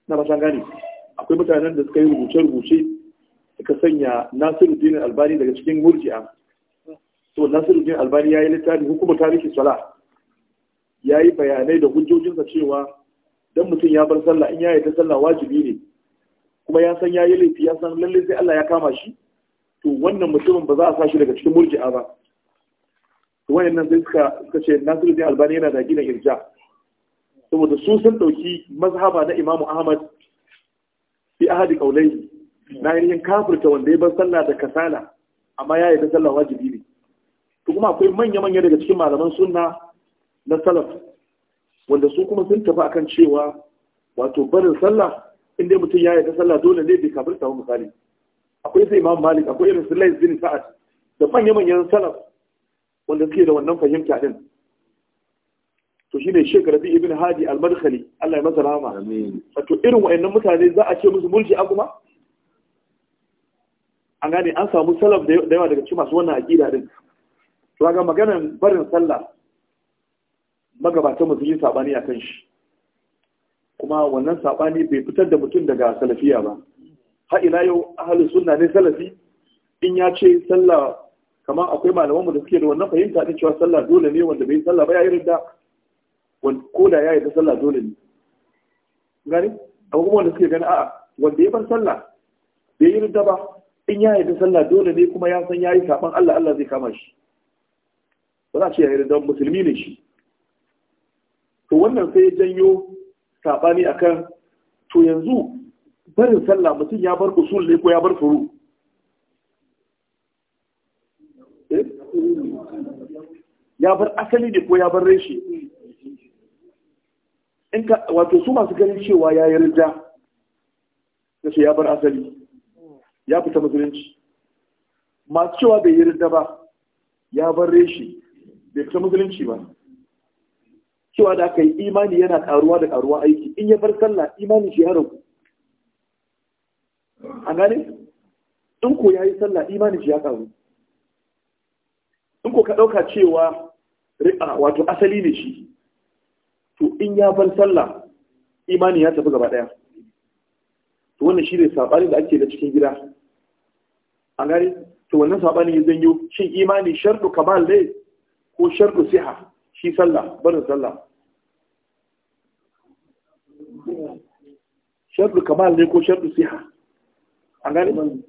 na ba san gane akwai mutanen da suka yi rubuce-rubuce suka sanya nasiru nasiruddin albani daga cikin murji'a to nasiruddin albani ya yi littafi hukumar tarihi sala ya yi bayanai da hujjojinsa cewa don mutum ya bar sallah in ya yi ta sallah wajibi ne kuma ya san ya yi laifi ya san lalle sai Allah ya kama shi to wannan mutumin ba za a sashi daga cikin murji'a ba to nan sai suka suka ce Nasiruddin Albani yana da gina irja saboda su sun dauki mazhaba na Imam Ahmad fi ahadi qawlayhi na yin kafirta wanda ya bar sallah da kasala amma ya yi ta sallah wajibi ne to kuma akwai manya manya daga cikin malaman sunna na salaf wanda su kuma sun tafi akan cewa wato barin sallah in dai mutum ya yi ta sallah dole ne bai kafirta ba misali akwai sai imam malik akwai irin su zini sa'ad da manya manyan salaf wanda suke da wannan fahimta din to shine Sheikh Rabi ibn Hadi al-Madkhali Allah ya masa rahama amin to irin wayannan mutane za a ce musu mulki kuma an gane an samu salaf da yawa daga cikin masu wannan aqida din to ga maganar barin sallah magabatan mu yin yi sabani akan shi kuma wannan sabani bai fitar da mutum daga salafiya ba har ila yau ahlus sunna ne salafi in ya ce sallah kamar akwai malaman mu da suke da wannan fahimta ne cewa sallah dole ne wanda bai sallah ba ya yarda ko da ya yi da sallah dole ne gani akwai kuma wanda suke gani a'a wanda ya bar sallah bai yarda ba in ya yi da sallah dole ne kuma ya san yayi saban Allah Allah zai kama shi ba za a ce ya yarda musulmi ne shi to wannan sai ya janyo sabani kan? to yanzu barin sallah mutum ya bar usul ne ko ya bar furu eh? ya bar asali ne ko ya bar reshe in ka wato su masu ganin cewa ya yi rida da ya bar asali ya fita musulunci masu cewa bai yi rida ba ya bar reshe bai fita musulunci ba cewa da aka yi imani yana karuwa da karuwa aiki in ya bar sallah imani shi ya ragu an gane in ko ya yi sallah imani shi ya karu in ko ka ɗauka cewa wato asali ne shi to in ya bar sallah imani ya tafi gaba ɗaya to wannan shi ne saɓani da ake da cikin gida an gane to wannan saɓani ya zanyo shin imani Shardu kamal ne ko Shardu siha shi sallah barin sallah shaɗu kamal ne ko shaɗu siha an gane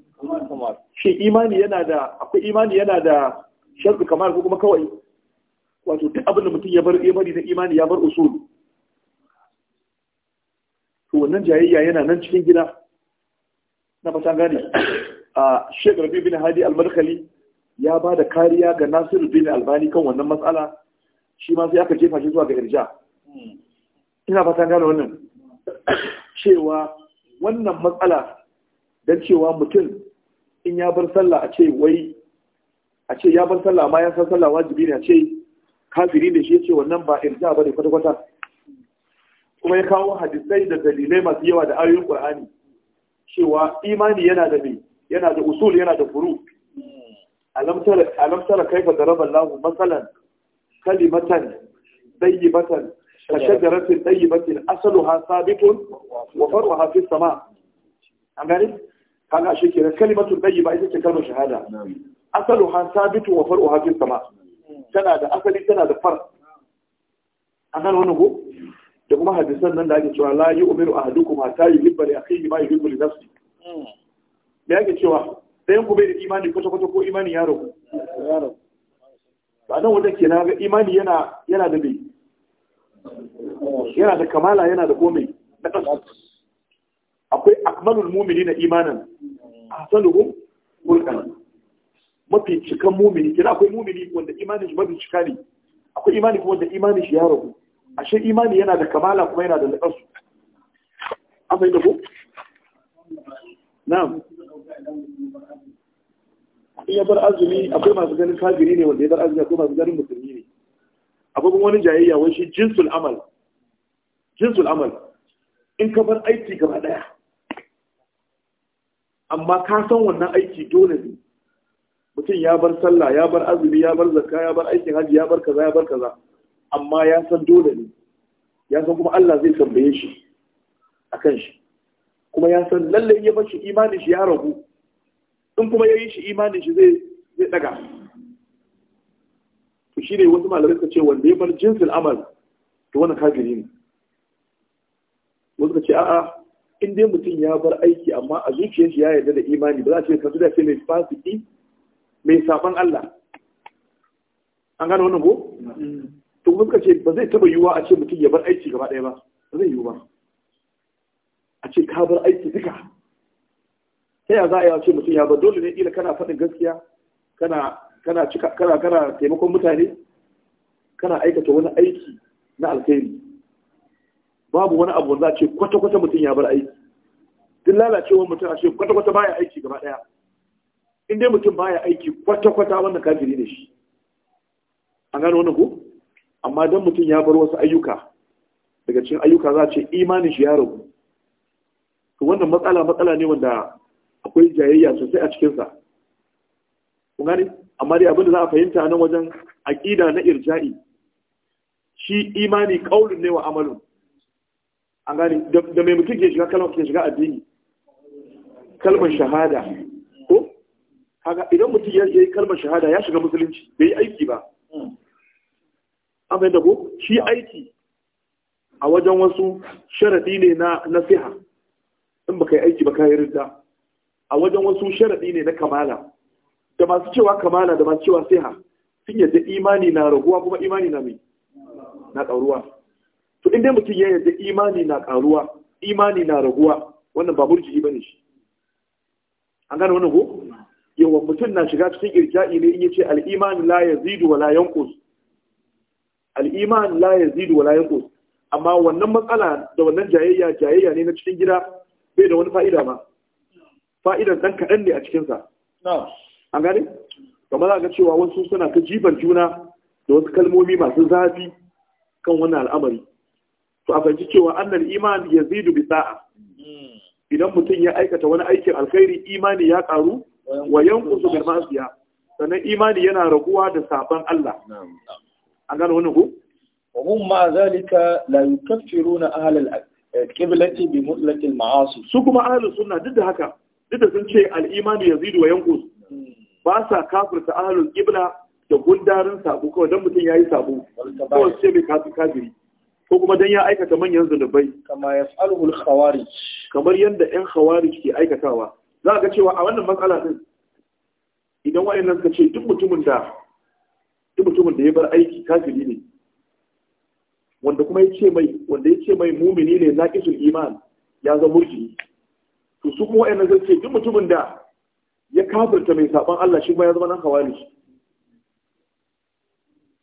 shi imani yana da akwai imani yana da shaɗu kamal ko kuma kawai wato duk abin da mutum ya bar imani na imani ya bar usul to wannan jayayya yana nan cikin gida na fata gane a shekar rabi bin hadi almarkali ya ba da kariya ga nasiru bin albani kan wannan matsala shi ma sai aka jefa shi zuwa ga irja hmm. ina fata gane wannan cewa wannan matsala don cewa mutum in ya bar sallah a ce wai a ce ya bar sallah ma ya san sallah wajibi ne a ce kafiri da shi ce wannan ba irja ba ne kwata-kwata kuma ya kawo hadisai da dalilai masu yawa da ayoyin qur'ani cewa imani yana da me yana da usul yana da furu alam tara kaifa daraba Allahu masalan kalimatan dayyibatan كشجرة طيبة أصلها ثابت وفرعها في السماء أماني كان شكرا كلمة طيبة إذا كلمة شهادة أصلها ثابت وفرعها في السماء tana da asali tana da far an gano wani ko da kuma hadisan nan da ake cewa la yi umiru a hadu kuma ta yi hibba cewa sayan ku bai da imani kwata kwata ko imani yaro ba nan wanda ke na imani yana yana da bai yana da kamala yana da komai na akwai akmalul mumini na imanin a sanuhun hulkan mafi cikan mumini kira akwai mumini wanda imanin shi mafi cika ne akwai imani kuma wanda imanin shi ya rabu ashe imani yana da kamala kuma yana da laƙasu an fahimta ko na'am in ya bar azumi akwai masu ganin kafiri ne wanda ya bar azumi akwai masu ganin musulmi akwai wani jayayya wai shi jinsul amal jinsul amal in ka bar aiki gaba daya amma ka san wannan aiki dole ne mutum ya bar sallah ya bar azumi ya bar zakka ya bar aikin hajji ya bar kaza ya bar kaza amma ya san dole ne ya san kuma Allah zai tambaye shi akan shi kuma ya san lalle ya bar shi imanin shi ya ragu in kuma ya yi shi imanin shi zai zai daga to ne wasu malamai suka ce wanda ya bar jinsin amal to wani kafiri ne wasu ka ce a'a in dai mutum ya bar aiki amma a zuciyar ya yarda da imani ba za a ce kasu da ce mai fasiki mai saban Allah an gane wannan ko to suka ce ba zai taba yiwuwa a ce mutum ya bar aiki gaba ɗaya ba ba zai yiwu ba a ce ka bar aiki duka ta ya za a yi a ce mutum ya bar dole ne ila kana faɗin gaskiya kana kana cika kana kana taimakon mutane kana aikata wani aiki na alkhairi babu wani abu wanda a ce kwata-kwata mutum ya bar aiki duk lalacewar mutum a ce kwata-kwata baya aiki gaba daya in dai mutum baya aiki kwata-kwata wannan kafiri ne shi an gano wannan ko amma dan mutum ya bar wasu ayyuka daga cikin ayyuka za ce imanin shi ya ragu to wannan matsala matsala ne wanda akwai jayayya sosai a cikinsa kun gani amma dai abin da za a fahimta nan wajen aqida na irja'i shi imani qaulun ne wa amalun an gani da mai mutum ke shiga kalmar ke shiga addini kalmar shahada ko haka idan mutum ya yi kalmar shahada ya shiga musulunci bai yi aiki ba amma da ko shi aiki a wajen wasu sharaɗi ne na nasiha in baka yi aiki ba ka yi ridda a wajen wasu sharaɗi ne na kamala da masu cewa kamala da masu cewa siha sun yadda imani na raguwa kuma imani na mai na ƙaruwa to inda mutum ya yadda imani na ƙaruwa imani na raguwa wannan ba ba bane shi an gane wannan ko yawan mutum na shiga cikin irja'i ne in yace al-iman la yazidu wa la yanqus al-iman la yazidu wa la yanqus amma wannan matsala da wannan jayayya jayayya ne na cikin gida bai da wani fa'ida ma fa'idar dan kaɗan ne a cikinsa. an gane kamar za ga cewa wasu suna ta jibar juna da wasu kalmomi masu zafi kan wannan al'amari to a fahimci cewa annal iman yazidu bi sa'a idan mutum ya aikata wani aikin alkhairi imani ya karu wa yanqusu bil ma'siya sannan imani yana raguwa da saban Allah an gane wannan ko wa hum ma zalika la yukaffiruna ahlal qiblati bi mutlaqil ma'asi su kuma ahlus sunna duk da haka duk da sun ce al yazidu wa yanqusu hmm. ba sa kafirta ahalul qibla da gundarin sabu kawai don mutum ya yi sabu kawai sai mai kafin kafiri ko kuma don ya aikata manyan zunubai kamar yadda 'yan khawarij ke aikatawa za ka cewa a wannan matsala din idan nan ka ce duk mutumin da duk mutumin da ya bar aiki kafiri ne wanda kuma ce mai wanda ce mai mumini ne naqisul iman ya zama murji to su kuma nan zai ce duk mutumin da ya kafirta mai saban Allah shi ma ya zama nan shi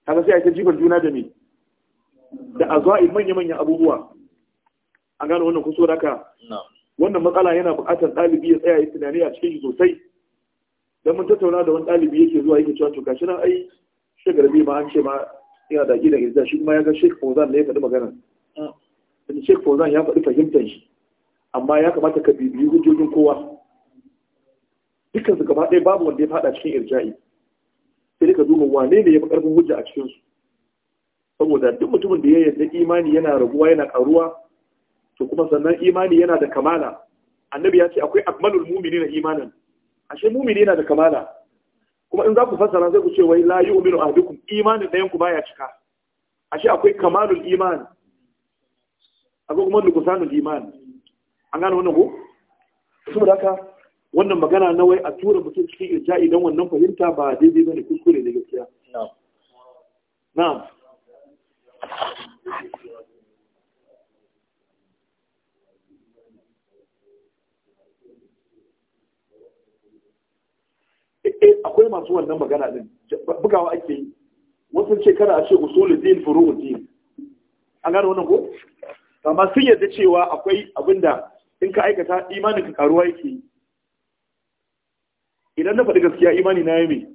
kaga sai a ta jibar juna da me da azwa'i manya-manyan abubuwa A gano wannan kuso ka wannan matsala yana buƙatar ɗalibi ya tsaya ya tunani a cikin shi sosai Don mun tattauna da wani ɗalibi yake zuwa yake cewa tuka shirin ai ai shagarbi ma an ce ma yana da gida gida shi kuma ya ga shek Fauzan ne ya faɗi magana shek Fauzan ya faɗi fahimtar shi amma ya kamata ka bibiyi hujjojin kowa dukkan su gaba ɗaya babu wanda ya faɗa cikin irja'i sai ka duba wane ne ya fi ƙarfin hujja a cikin su saboda duk mutumin da ya yarda imani yana raguwa yana karuwa to kuma sannan imani yana da kamala annabi ya ce akwai akmalul na imanan ashe mu'mini yana da kamala kuma in za ku fassara sai ku ce wai la yu'minu ahdukum imanin ɗayan ku baya cika ashe akwai kamalul iman akwai kuma lukusanul iman an gane wannan ko saboda haka wannan magana na wai a tura mutum cikin irja idan wannan fahimta ba daidai bane kuskure ne gaskiya na'am eh, akwai masu wannan magana din bugawa ake yi wasu shekara a ce usulul din furu'ud din an gano wannan ko amma sun yadda cewa akwai abinda in ka aikata imanin ka karuwa yake yi idan na faɗi gaskiya imani na yi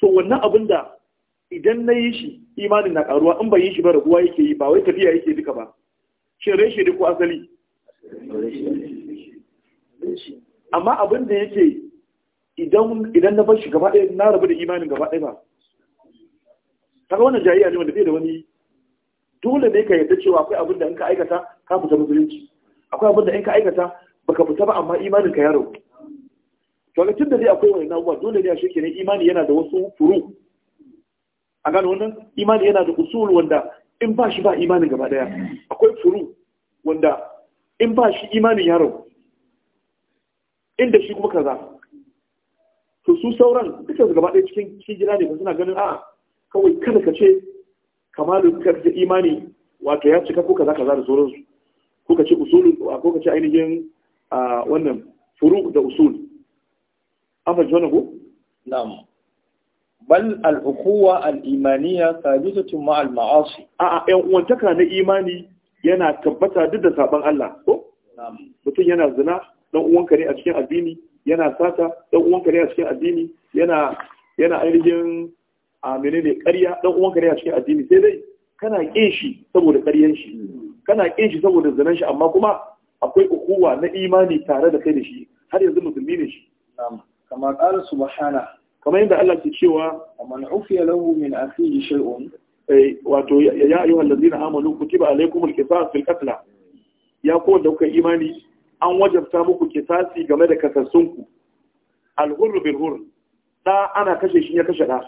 to wannan abin da idan na yi shi imanin na ƙaruwa in ba yi shi ba raguwa yake yi ba wai tafiya yake duka ba shi reshe ne ko asali amma abin da yake idan na bar shi gaba ɗaya na rabu da imanin gaba ɗaya ba kaga wannan jayayya ne wanda bai da wani dole ne ka yarda cewa akwai abin da in ka aikata ka fita musulunci akwai abin da in ka aikata baka fita ba amma imanin ka ya rabu to ga tun da dai akwai wani abubuwa dole ne a shi kenan imani yana da wasu furu a gano wannan imani yana da usul wanda in ba shi ba imanin gaba daya akwai furu wanda in ba shi imanin yaron inda shi kuma kaza to su sauran duka su gaba daya cikin hijira ne suna ganin a'a kawai kada ka ce ka karfi imani wato ya cika ko kaza kaza da sauransu ko ka ce usul ko ka ce ainihin ah, wannan furu da usul an fahimci ko na'am bal al-ukhuwa al-imaniyya thabitatu ma al-ma'asi a'a yan uwantaka na imani yana tabbata duk da saban Allah ko mutum yana zina dan uwanka a cikin addini yana sata dan uwanka ne a cikin addini yana ainihin a menene ƙarya dan uwanka a cikin addini sai dai kana kin shi saboda ƙaryan shi kana kin shi saboda zinan shi amma kuma akwai ukuwa na imani tare da kai da shi har yanzu musulmi ne shi kama ƙara su subhana Kama yadda Allah ke cewa man ufiya lahu min akhihi shay'un eh, wato ya ayyuha allazina amanu kutiba alaykumul qisas fil qatl ya ko da kuka imani an wajabta muku kisasi game da kasassunku al-hurr bil hurr da ana kashe shi ya kashe da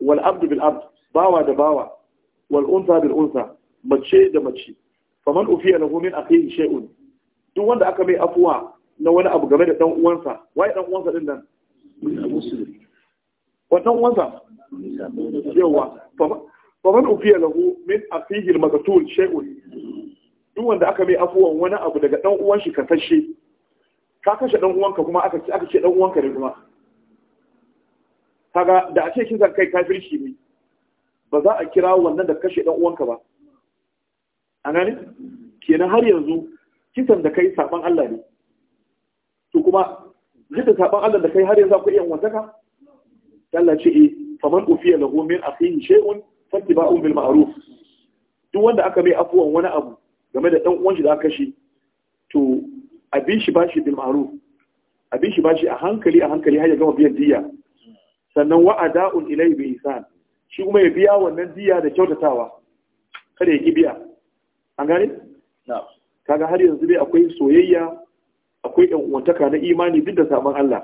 wal abd bil abd bawa da bawa wal unsa bil unsa mace da mace faman ufiya lahu min akhihi shay'un duk wanda aka mai afuwa na wani abu game da ɗan’uwansa, uwansa wai ɗan’uwansa uwansa nan wa dan uwansa fa man ufiya lagu min a fihil maqtul shay'un duk wanda aka mai afuwan wani abu daga ɗan’uwan shi kasashe ka kashe ɗan’uwanka uwanka kuma aka ce aka ce uwanka ne kuma kaga da ake kisan kai kafirci ne ba za a kira wannan da kashe ɗan’uwanka uwanka ba A gani kenan har yanzu kisan da kai saban Allah ne to kuma duk saban Allah da kai har yanzu akwai yan wataka Allah ce eh faman ufiya lahu min akhihi shay'un fattiba'un bil ma'ruf duk wanda aka mai afuwan wani abu game da dan uwan shi da aka shi to abin shi bashi bil ma'ruf abin shi bashi a hankali a hankali har ya gama biyan diya sannan wa'ada'un ilayhi bi ihsan shi kuma ya biya wannan diya da kyautatawa kada ya ki biya an gane kaga har yanzu dai akwai soyayya akwai yan uwantaka na imani duk da sabon Allah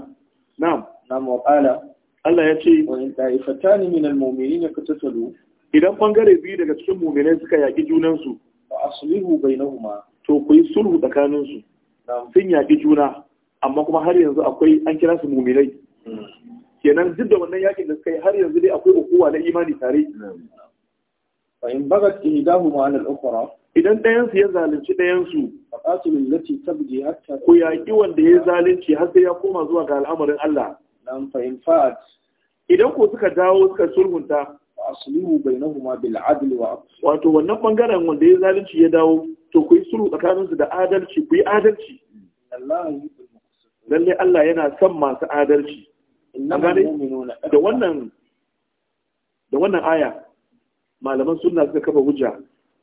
na'am na'am wa ƙala. Allah ya ce wa in ta'ifatani min al ka tattalo. idan bangare biyu daga cikin mu'minai suka yaki junan su bai aslihu bainahuma to ku yi sulhu tsakaninsu. su sun yaƙi juna amma kuma har yanzu akwai an kira su mu'minai hmm. kenan duk da wannan yaƙin da suka yi har yanzu dai akwai ukuwa na imani tare hmm. fa in bagat ihdahuma ala al-ukhra idan ɗayansu ya zalunci ɗayan su qatil lati tabdi hatta ku yaki wanda ya zalunci har sai ya koma zuwa ga al'amarin Allah nan fa in fa'at idan ko suka dawo suka sulhunta aslihu bainahuma bil adl wa wato wannan bangaren wanda ya zalunci ya dawo to ku yi sulhu tsakaninsu da adalci ku yi adalci lalle Allah yana son masu adalci da wannan da wannan aya malaman sunna suka kafa hujja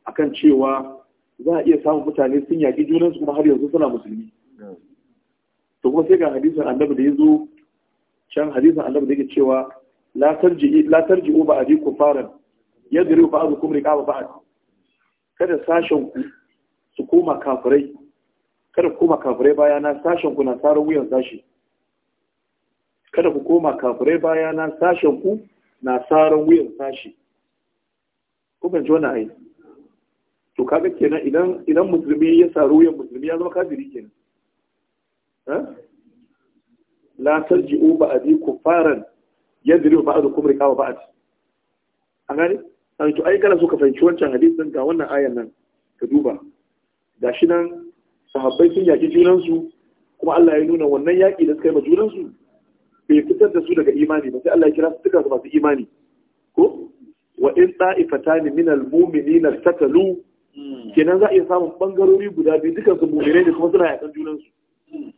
akan cewa za a iya samun mutane sun yaƙi junansu kuma har yanzu suna musulmi to kuma sai ga hadisin annabi da ya zo can hadisin annabi da yake cewa la tarji ba abi kufaran yadri ba riqaba ba'd kada sashen ku su koma kafirai kada ku koma kafirai baya na sashen ku na tsaron wuyan sashi kada ku koma kafirai baya na sashen ku na tsaron wuyan sashi ku ban ji wannan ai to kaga kenan idan idan musulmi ya saru ya musulmi ya zama kafiri kenan ha la tarji'u ba'di kuffaran yadribu ba'dukum rikawa ba'd an gane an to ai kana so ka fahimci wancan hadisin ga wannan ayan nan ka duba gashi nan sahabbai sun yaki junan su kuma Allah ya nuna wannan yaki da suka yi ma junan su bai fitar da su daga imani ba sai Allah ya kira su duka su masu imani ko wa in ta'ifatan min al-mu'minina tatalu kenan za a iya samun bangarori guda biyu dukkan su mu'minai ne kuma suna yakan junan su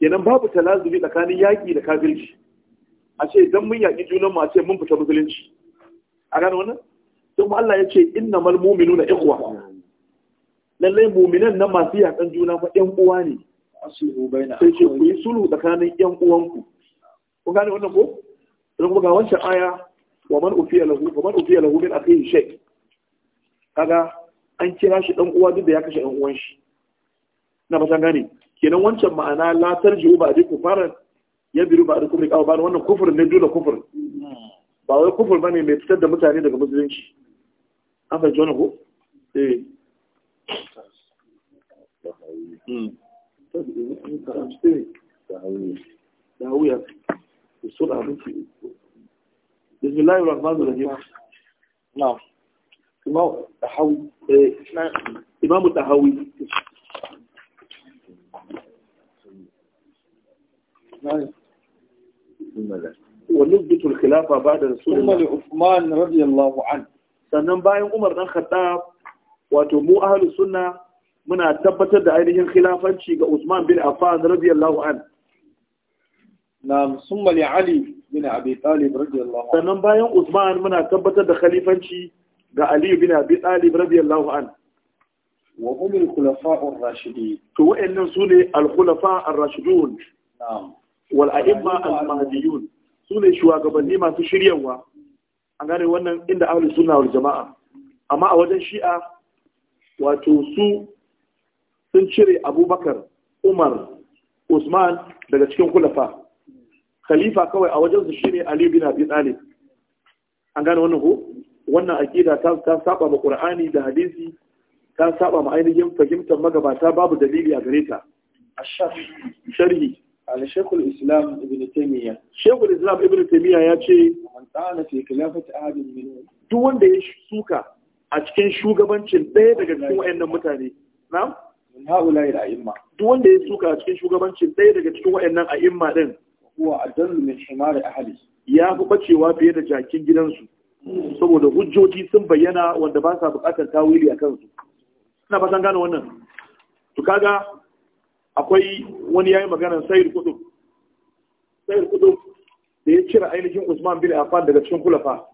kenan babu talazumi tsakanin yaƙi da kafirci a ce idan mun yaƙi junan mu a ce mun fita musulunci a gane wannan don kuma Allah ya ce mu'minu na ikhwa lallai mu'minan nan masu yakan juna fa ɗan uwa ne sai ce ku yi sulhu tsakanin ɗan uwanku kun gane wannan ko don kuma ga wancan aya wa man ufiya lahu wa man ufiya lahu min akhihi shay kaga an kira shi dan uwa duk da ya kashe ɗan uwan shi na ba gane kenan wancan ma'ana la tarji'u ba ku fara ya biru ba ku riƙa ba wannan kufur ne dole kufur ba wai kufur bane mai fitar da mutane daga musulunci an fahimci wani ko eh داوية hmm. إمام التحوي إيه، إمام التحوي ونثبت الخلافة بعد رسول الله لعثمان رضي الله عنه سنن باين عمر بن الخطاب وتمو أهل السنة من أتبت دائره خلافة شيء عثمان بن عفان رضي الله عنه نعم ثم لعلي بن أبي طالب رضي الله عنه سنن باين عثمان من أتبت دخليفة شيء ga Aliyu bin Abi Talib radiyallahu an wa umul khulafa'ur rashidin to wa'annan sune al-khulafa rashidun na'am wal a'imma al-mahdiyun sune shugabanni masu shiryawa an gane wannan inda ahlus sunna wal jama'a amma a wajen shi'a wato su sun cire Abubakar Umar Usman daga cikin kulafa. khalifa kawai a wajen su ne Ali bin Abi Talib an gane wannan ko wannan aqida ta ta saba ma qur'ani da hadisi ta saba ma ainihin fahimtar magabata babu dalili a gare ta sharhi على شيخ Islam ابن تيمية شيخ Islam ابن تيمية ya ce. من طعن في خلافة أحد duk wanda ya suka a cikin shugabancin ɗaya daga cikin wayannan mutane na'am min haula'i al-a'imma duk wanda ya suka a cikin shugabancin ɗaya daga cikin wayannan a'imma din huwa adallu min himari ahli ya fi bacewa fiye da jakin gidansu saboda hujjoji sun bayyana wanda ba sa bukatar tawili a kansu ina fatan gane wannan to kaga akwai wani yayi maganar sayyid kutub sayyid kutub da ya cire ainihin Usman bin Affan daga cikin kulafa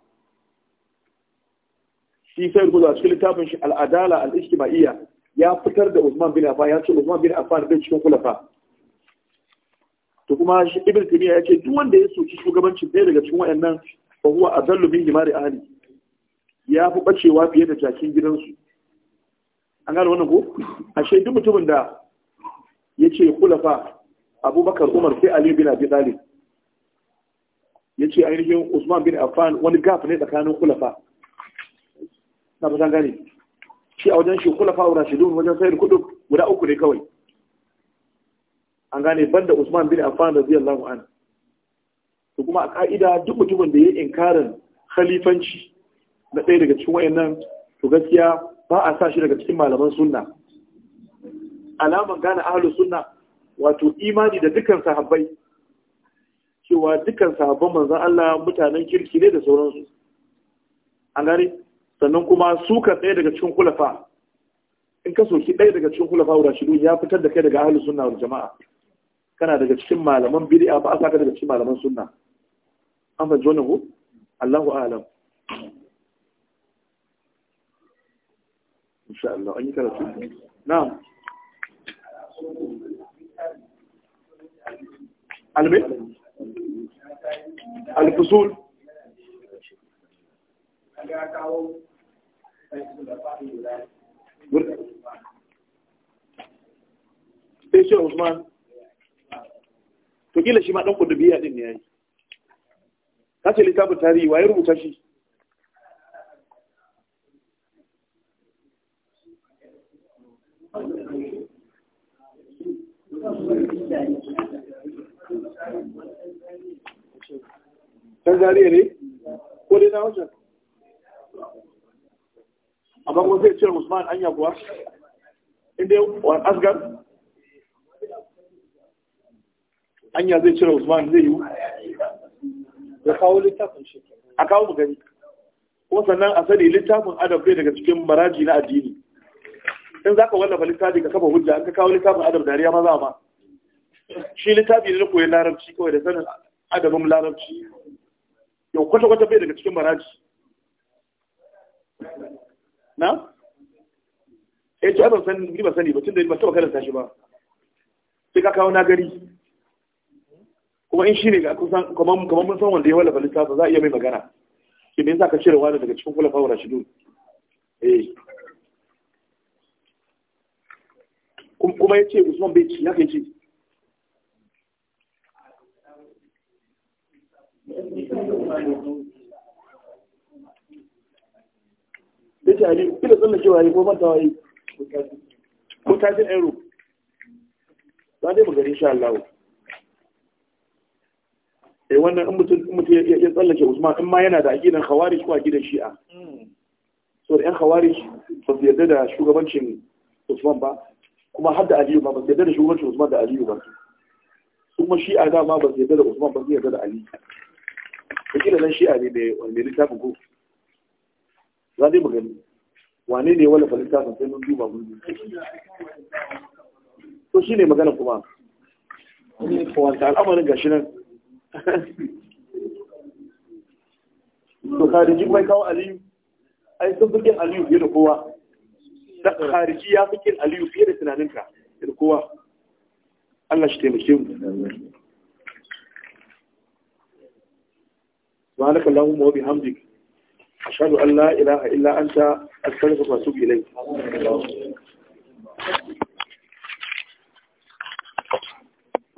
shi sayyid kutub a cikin littafin shi al-adala al-ijtima'iyya ya fitar da Usman bin Affan ya ce Usman bin Affan daga cikin kulafa to kuma ibn timiya ya ce duk wanda ya soki shugabancin ɗaya daga cikin waɗannan fahuwa a zallu min himari ahli ya fi bacewa fiye da jakin gidansu an gane wannan ko ashe duk mutumin da yace kulafa Abubakar Umar sai Ali bin Abi ya ce ainihin Usman bin Affan wani gaf ne tsakanin kulafa. na ba san gane shi a wajen shi khulafa wa rashidun wajen sayar kudu guda uku ne kawai an gane banda Usman bin Affan radiyallahu anhu to kuma a ka'ida duk mutumin da ya yi inkarin khalifanci na ɗaya daga cikin wayannan to gaskiya ba a sa shi daga cikin malaman sunna alaman gane ahlu sunna wato imani da dukkan sahabbai cewa dukkan sahabban manzon Allah mutanen kirki ne da sauransu an gani sannan kuma suka ɗaya daga cikin kulafa in ka soki ɗaya daga cikin kulafa wa rashidu ya fitar da kai daga ahlu sunna wal jama'a kana daga cikin malaman bid'a ba a saka daga cikin malaman sunna أنا جنه الله أعلم إن شاء الله أي كلام نعم علم الفصول ايش يا عثمان تقول لي شي ما دنكو دبيا دين يا kace ce littafin tarihi waye rubuta shi kan zariya ne ko dai na wajen amma kuma zai cire usman anya kuwa Inde wani asgar anya zai cire usman zai yi da kawo littafin shi a kawo mu gani kuma sannan a sani littafin adab bai daga cikin maraji na addini in za ka wallafa littafi ka kafa hujja an ka kawo littafin adab dariya maza ma shi littafi ne na koyi larabci kawai da sanin adabin larabci yau kwata-kwata bai daga cikin maraji na? ya ce adam ban sani ba sani ba tun da ba taba karanta shi ba sai ka kawo na gari kuma in shine ga kusan kamar kamar mun san wanda ya wallafa littafin za a iya mai magana shi ne za ka cire wani daga cikin kulafa wa rashidun eh kuma ce Usman bai ci yake ci da ce hali kila cewa yi ko manta waye ko tashin aero za dai mu gari insha Allah sai eh, wannan in mutum in mutum ya tsallake Usman in ma yana da aqidan khawarij ko aqidan shi'a so da yan khawarij ba su yarda da shugabancin Usman ba kuma har da Aliyu ba ba su yarda da shugabancin Usman da Aliyu ba kuma shi'a ma ba su yarda da Usman ba su yarda da Ali kila nan shi'a ne mai wani littafin ko za dai mu gani wane ne wala littafin sai mun duba mun to shine magana kuma al'amarin gashi nan to khariji mai kawo aliyu ai sun fikin aliyu fiye da kowa da khariji ya fikin aliyu fiye da tunaninka fiye da kowa Allah shi taimake mu سبحانك اللهم وبحمدك أشهد أن لا إله إلا ta أستغفرك وأتوب إليك